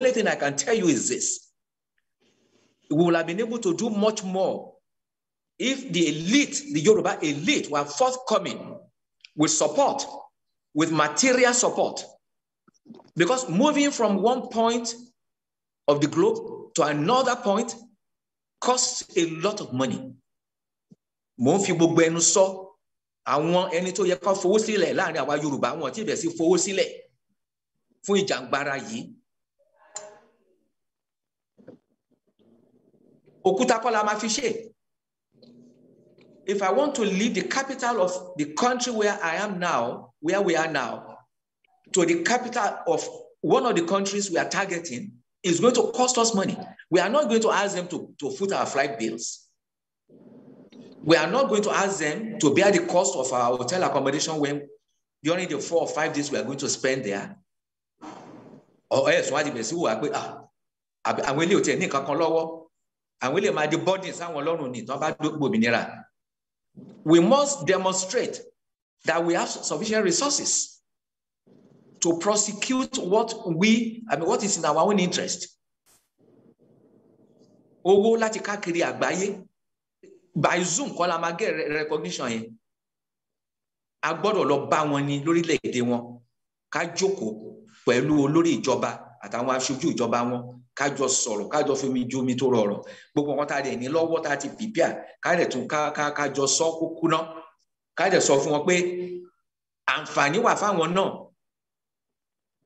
only thing I can tell you is this. We will have been able to do much more if the elite, the Yoruba elite, were forthcoming with support, with material support. Because moving from one point of the globe to another point costs a lot of money. Mofi ń fi sọ tó yẹ call fowó sílẹ̀ láàrin àwa Yorùbá wọn tí sì fowó sílẹ̀ fún ìjàngbara yìí Mafiche. If I want to leave the capital of the country where I am now, where we are now, to the capital of one of the countries we are targeting, is going to cost us money. We are not going to ask them to, to foot our flight bills. We are not going to ask them to bear the cost of our hotel accommodation when during the four or five days we are going to spend there. Or else, why àwọn ilé máa di bọ́dì sáwọn ọlọ́run ní tí wọ́n bá dógbò òmìnira we must demonstrate that we have sufficient resources to prosecute what we I mean what is in our own interest owó láti káàkiri àgbáyé by zoom kọ́ la máa get recognition yẹn a gbọ́dọ̀ lọ bá wọn ní lórílẹ̀‐èdè wọn ká jókòó pẹ̀lú olórí ìjọba àtàwọn aṣojú ìjọba wọn kájọ sọ̀rọ̀ kájọ fomi ju omi tó rọrọ̀ gbogbo wọn tá ní lọ́wọ́ tá a ti pìpìà kájọ tún kájọ sọ kúkú náà kájọ sọ fún wọn pé àǹfààní wà fáwọn náà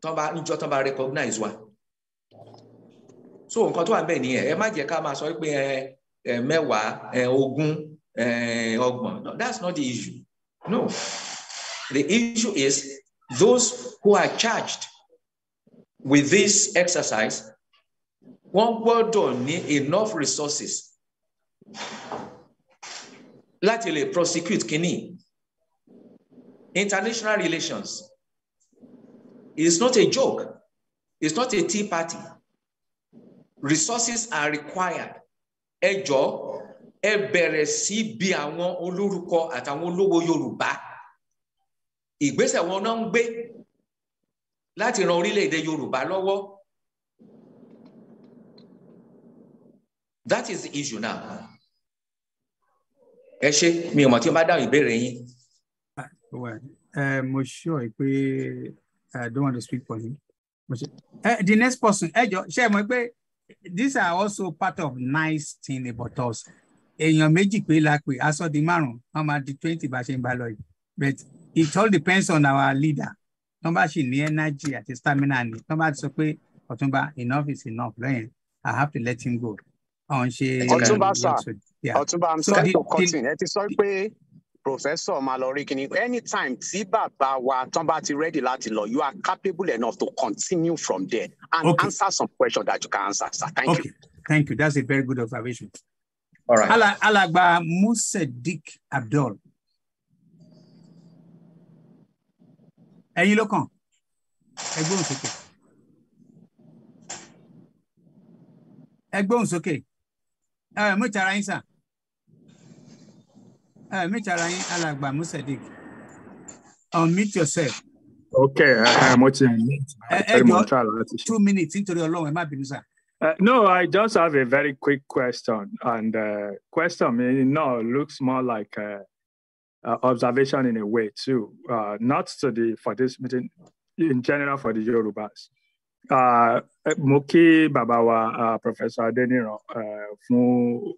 tán bá níjọ́ tán bá recognize wa so nǹkan tó wà bẹ́ẹ̀ nìyẹn ẹ má jẹ́ ká máa sọ pé ẹ mẹ́wàá ẹ ogún ẹ ọgbọ̀n no that's not the issue no the issue is those who are charged with this exercise, one wọ́n gbọ́dọ̀ need enough resources láti prosecute kínní international relations It's not a joke it's not a tea party resources are required ẹ jọ̀ọ́ ẹ bẹ̀rẹ̀ sí bí àwọn olórúkọ àtàwọn olówó Yorùbá ìgbésẹ̀ wọn náà ń láti ran orílẹ̀-èdè Yorùbá lọ́wọ́ that is the issue now ẹ ṣe mi ò mọ̀ tí n bá dáhùn ìbéèrè yín. mo ṣọ ẹ pé I don't want to speak for you. Uh, the next person ẹ jọ ṣe mọ̀ pé these are also part of nice thing about us èèyàn méjì pé la pè aṣọ di márùn-ún wọn máa di twenty bá ṣe ń bá lọ yìí but it all depends on our leader tó bá sì ní energy àti stamina ni tó bá ti sọ pé ọ̀túnba enough is enough lẹ́yìn i have to let him go. ọ̀hún ṣe ọ̀túnba sà ọ̀túnba i'm sorry to cut in ẹ sọ pé professor máa lọ rí kíní anytime tí bàbá wa ti ready láti law, you are capable enough to continue from there and okay. answer some questions that you can answer sir thank okay. you. thank you that's a very good observation. All right. alàgbà Musedik Abdul ẹ̀yin ló kàn ẹ gbóhùn sókè ẹ gbóhùn sókè ẹ mú ìtara yín sà ẹ mú ìtara yín alàgbà musadik unmute yourself. ok mo ti ẹ jọ two minutes nítorí Ọlọ́run ẹ má bínú sà. Uh, no, I just have a very quick question, and uh, question I mean, no looks more like uh, uh, observation in a way too, uh, not to the for this meeting in general for the Yorubas. Uh, Moki babawa uh, Professor Adeniran uh, fún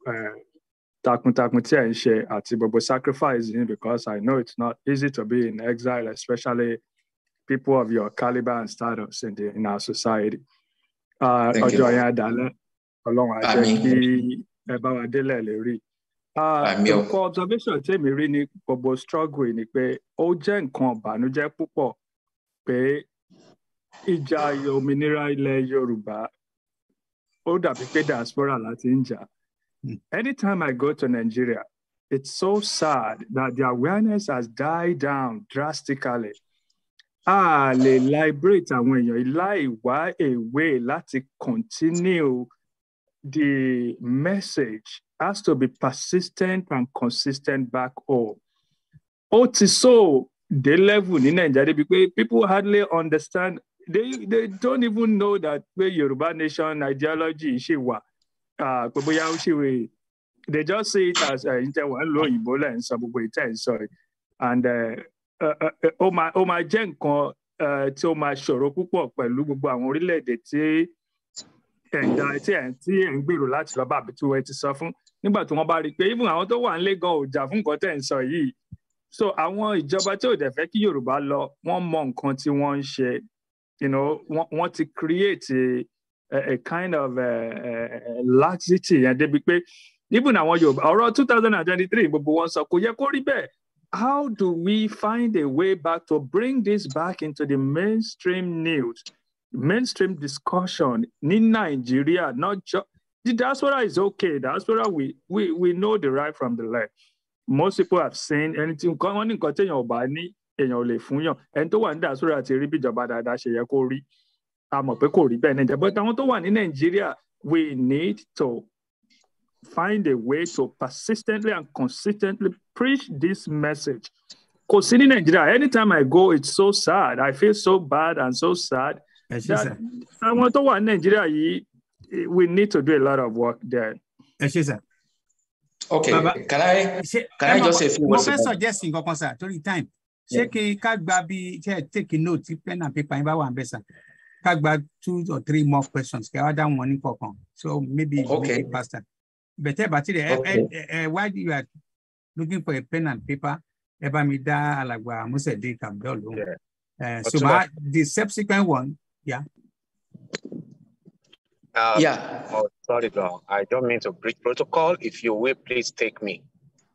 takuntakun tí ẹ̀ ń ṣe àti gbogbo sacrificing because I know it's not easy to be in exile, especially people of your caliber and status in, the, in our society. Ọjọ́ yẹn adalẹ́, Ọlọ́run á kí ẹ bá wa délẹ̀ lérí nǹkan ah, observation rí ni gbogbo struggle ni pé ó jẹ́ nǹkan ìbànújẹ́ púpọ̀ pé ìjà òmìnira ilẹ̀ Yorùbá ó dàbí pé diaspora láti ń jà. Hmm. Anytime I go to Nigeria, it's so sad that the awareness has died down drastically. A lè liberate àwọn èèyàn láì wá a way láti continue the message has to be persistent and consistent back home. Oh, to so the level ní Nàìjíríà people hardly understand they they don't even know that pé Yorùbá nation ideology ṣì wà pé bóyá they just see it as ẹ̀ ń tẹ wọ́n ń lo òyìnbó lẹ̀ and eh, eh, eh, ó máa ó máa jẹ́ nǹkan tí ó máa ṣòro púpọ̀ pẹ̀lú gbogbo àwọn orílẹ̀-èdè tí ẹ̀dá tí ẹ̀ ń gbèrò láti lọ bá àbí tí wọ́n ti sọ en gbero lati lo ba abi ti nígbà tí wọ́n bá rí i pé even àwọn tó wà nílé gan ò fún nǹkan tẹ̀ ń sọ yìí so àwọn ìjọba tí ò dẹ̀ fẹ́ kí Yorùbá lọ wọ́n mọ nǹkan tí wọ́n ń ṣe you know wọ́n ti create a, a kind of a, laxity yẹn débi pé even àwọn Yorùbá ọ̀rọ̀ two thousand and twenty-three gbogbo wọn sọ kò yẹ kó rí bẹ́ẹ̀ how do we find a way back to bring this back into the mainstream news, mainstream discussion in Nigeria, not just the diaspora is okay. Diaspora, we, we, we know the right from the left. Most people have seen anything. Wọ́n ní nǹkan téèyàn ò bá ní èèyàn ò tó one ní diaspora ti rí bí ìjọba dáadáa ṣe yẹ A mọ̀ pé kò rí But tó one in Nigeria, we need to find a way to persistently and consistently preach this message. Because in Nigeria, anytime I go, it's so sad. I feel so bad and so sad. That tó one ní we need to do a lot of work there. Yes, sir. Okay, Baba, can I, can I just say a few words? Professor, fẹ́ suggest nǹkan kan sà torí time. Ṣé kí ká gba take note pen and paper yín bá wà ń bẹ̀ sà? Ká gba two or three more questions kí a wá dá wọn So maybe you okay. make it faster. Bẹ̀tẹ̀ bàtí rẹ̀ why you are looking for a pen and paper ẹ bá mi dá alàgbà Musede Kamdol So the subsequent one, yeah. Um, yeah. Oh, sorry, Long. I don't mean to breach protocol. If you will, please take me,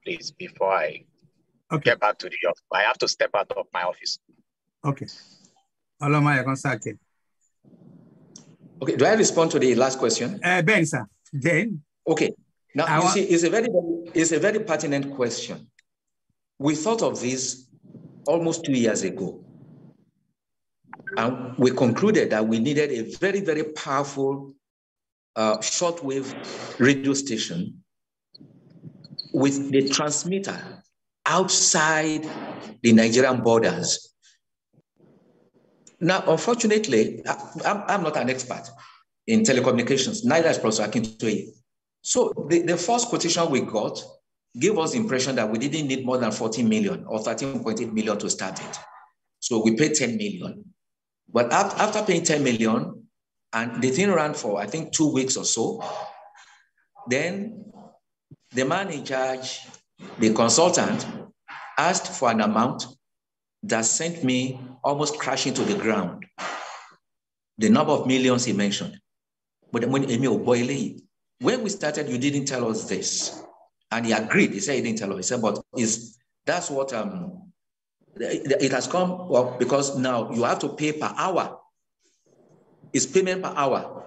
please, before I okay. get back to the office. I have to step out of my office. Okay. Okay, do I respond to the last question? Uh, ben, sir. Then. Okay. Now, I you see, it's a, very, it's a very pertinent question. We thought of this almost two years ago. And we concluded that we needed a very, very powerful uh, shortwave radio station with the transmitter outside the Nigerian borders. Now, unfortunately, I, am not an expert in telecommunications, neither is Professor Akintoye. So the, the first quotation we got gave us the impression that we didn't need more than 14 million or 13.8 million to start it. So we paid 10 million. But after paying 10 million, and the thing ran for, I think, two weeks or so. Then the man in charge, the consultant, asked for an amount that sent me almost crashing to the ground. The number of millions he mentioned. But when Emil Boyle, when we started, you didn't tell us this. And he agreed. He said he didn't tell us. He said, but is that's what um it has come well, because now you have to pay per hour is payment per hour.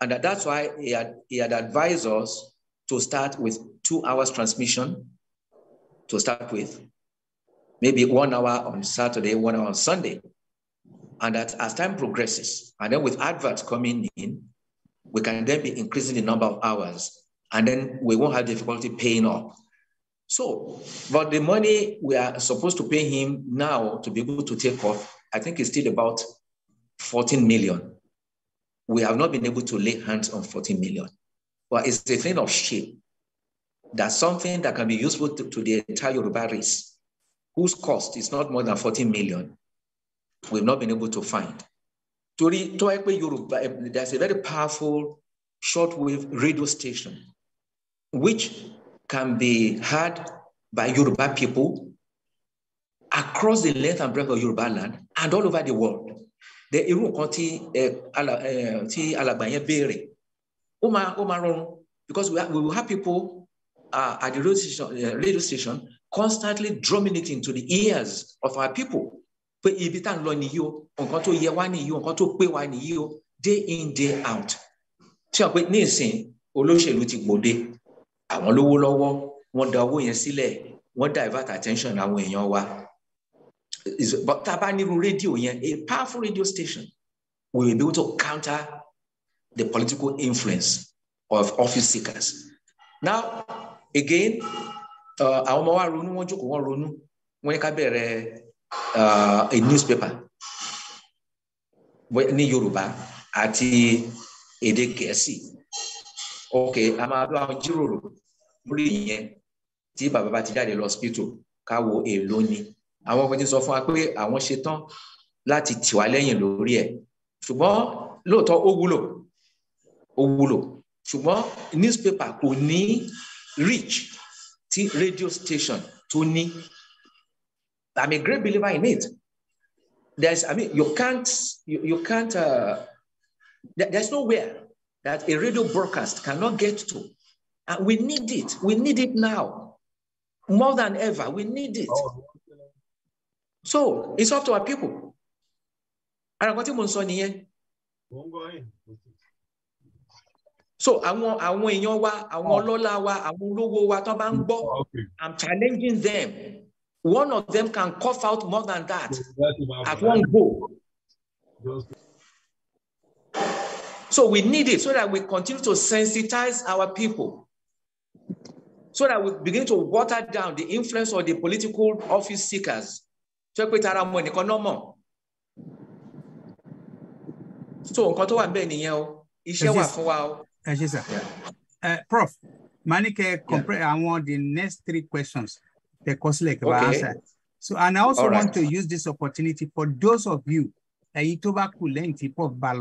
And that's why he had, he had advised us to start with two hours transmission to start with, maybe one hour on Saturday, one hour on Sunday. And that as time progresses, and then with adverts coming in, we can then be increasing the number of hours, and then we won't have difficulty paying up. So, but the money we are supposed to pay him now to be able to take off, I think is still about 14 million we have not been able to lay hands on 40 million. But it's a thing of shame that something that can be useful to, to the entire Yoruba race, whose cost is not more than 40 million, we've not been able to find. Tori Yoruba, eh, there's a very powerful shortwave radio station, which can be heard by Yoruba people across the length and breadth of Yoruba land and all over the world de irú nǹkan tí eh, eh, tí alàgbà yẹn béèrè ó máa ó máa rọrùn because we, we have people uh, at the radio station, uh, radio station constantly drumming it into the ears of our people pé ibi tá à ń lọ nìyí o nǹkan tó yẹ wá nìyí o nǹkan tó pé wá nìyí o day in day out tí wọn pé ní ìsìn olóṣèlú ti gbòde àwọn lówó lọ́wọ́ wọ́n da owó yẹn sílẹ̀ wọ́n divert attention àwọn èèyàn wa is, but Tabanirun radio yeah, a powerful radio station we will be able to counter the political influence of office seekers. Now again uh, àwọn ọmọ wa ronú wọn jókòó wọn ronú uh, a newspaper ní Yorùbá àti èdè Gẹ̀ẹ́sì ok a máa lọ àwọn jíròrò lórí ìyẹn tí bàbá bá ti jáde lọ hospital ká wo èèlò ni yoruba ati ede geesi okay a maa lo awon jiroro lori ti baba ba ti jade hospital ka wo eelo ni àwọn ọmọ ti sọ fún wa pé àwọn ṣetán láti tì wá lẹ́yìn lórí ẹ̀ ṣùgbọ́n lóòótọ́ ó wúlò ó wúlò ṣùgbọ́n newspaper kò ní reach ti radio station tó ní i'm a great believer in it there's i mean you can't you, you can't uh, there's nowhere that a radio broadcast cannot get to and we need it we need it now more than ever we need it. Oh, so it's up to our people ara nǹkan tí mo ń sọ nìyẹn. mo ń gbọ́ yìí so àwọn àwọn èèyàn wa àwọn oh. ọlọ́lá wa àwọn olówó wa tó bá ń gbọ́ oh, i'm challenging them one of them can cough out more than that oh, at one go so we need it so that we continue to sensitize our people so that we begin to water down the influence of the political office seekers tó pé tara ọmọ nìkan náà mọ̀ so nǹkan tó wà ń bẹ̀ nìyẹn o iṣẹ́ wà fún wa o. ẹ ṣe sà prof màá ní kẹ́ compare àwọn the next three questions the kọ sílẹ̀ kẹ́ bá answer so and I also right. want to use this opportunity for those of you ẹ̀yin tó bá kù lẹ́yìn tí prof bá lọ.